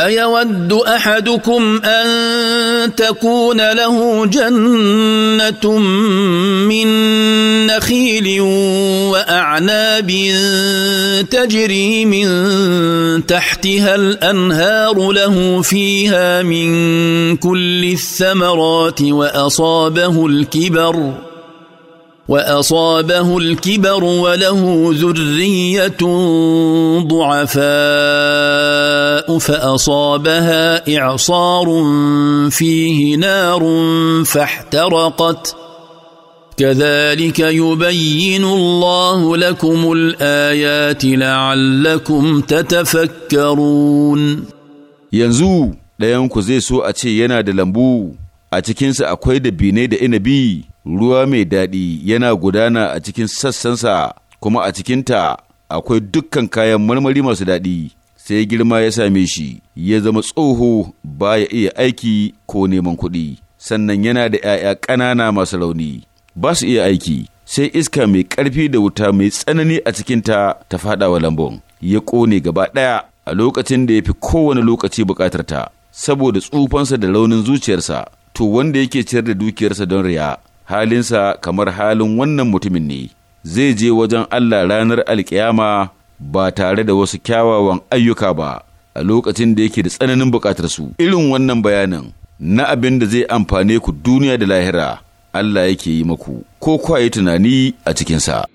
ايود احدكم ان تكون له جنه من نخيل واعناب تجري من تحتها الانهار له فيها من كل الثمرات واصابه الكبر واصابه الكبر وله ذريه ضعفاء فاصابها اعصار فيه نار فاحترقت كذلك يبين الله لكم الايات لعلكم تتفكرون ينزو ɗayanku zai so a ce yana da lambu a cikinsa akwai da bine da inabi ruwa mai daɗi yana gudana a cikin sassansa kuma a cikinta akwai dukkan kayan marmari masu daɗi sai girma ya same shi ya zama tsoho baya iya aiki ko neman kuɗi sannan yana da 'ya'ya ƙanana masu rauni ba su iya aiki sai iska mai ƙarfi da wuta mai tsanani a cikinta ta faɗawa lambon ya ƙone gaba ɗaya a lokacin da ya fi kowane lokaci buƙatar ta saboda tsufansa da raunin zuciyarsa to wanda yake ciyar da dukiyarsa don riya halinsa kamar halin wannan mutumin ne, zai je wajen Allah ranar alkiyama ba tare da wasu kyawawan ayyuka ba a lokacin da yake da tsananin su. Irin wannan bayanin na abin da zai amfane ku duniya da lahira, Allah yake yi maku, ko kwaye tunani a cikinsa.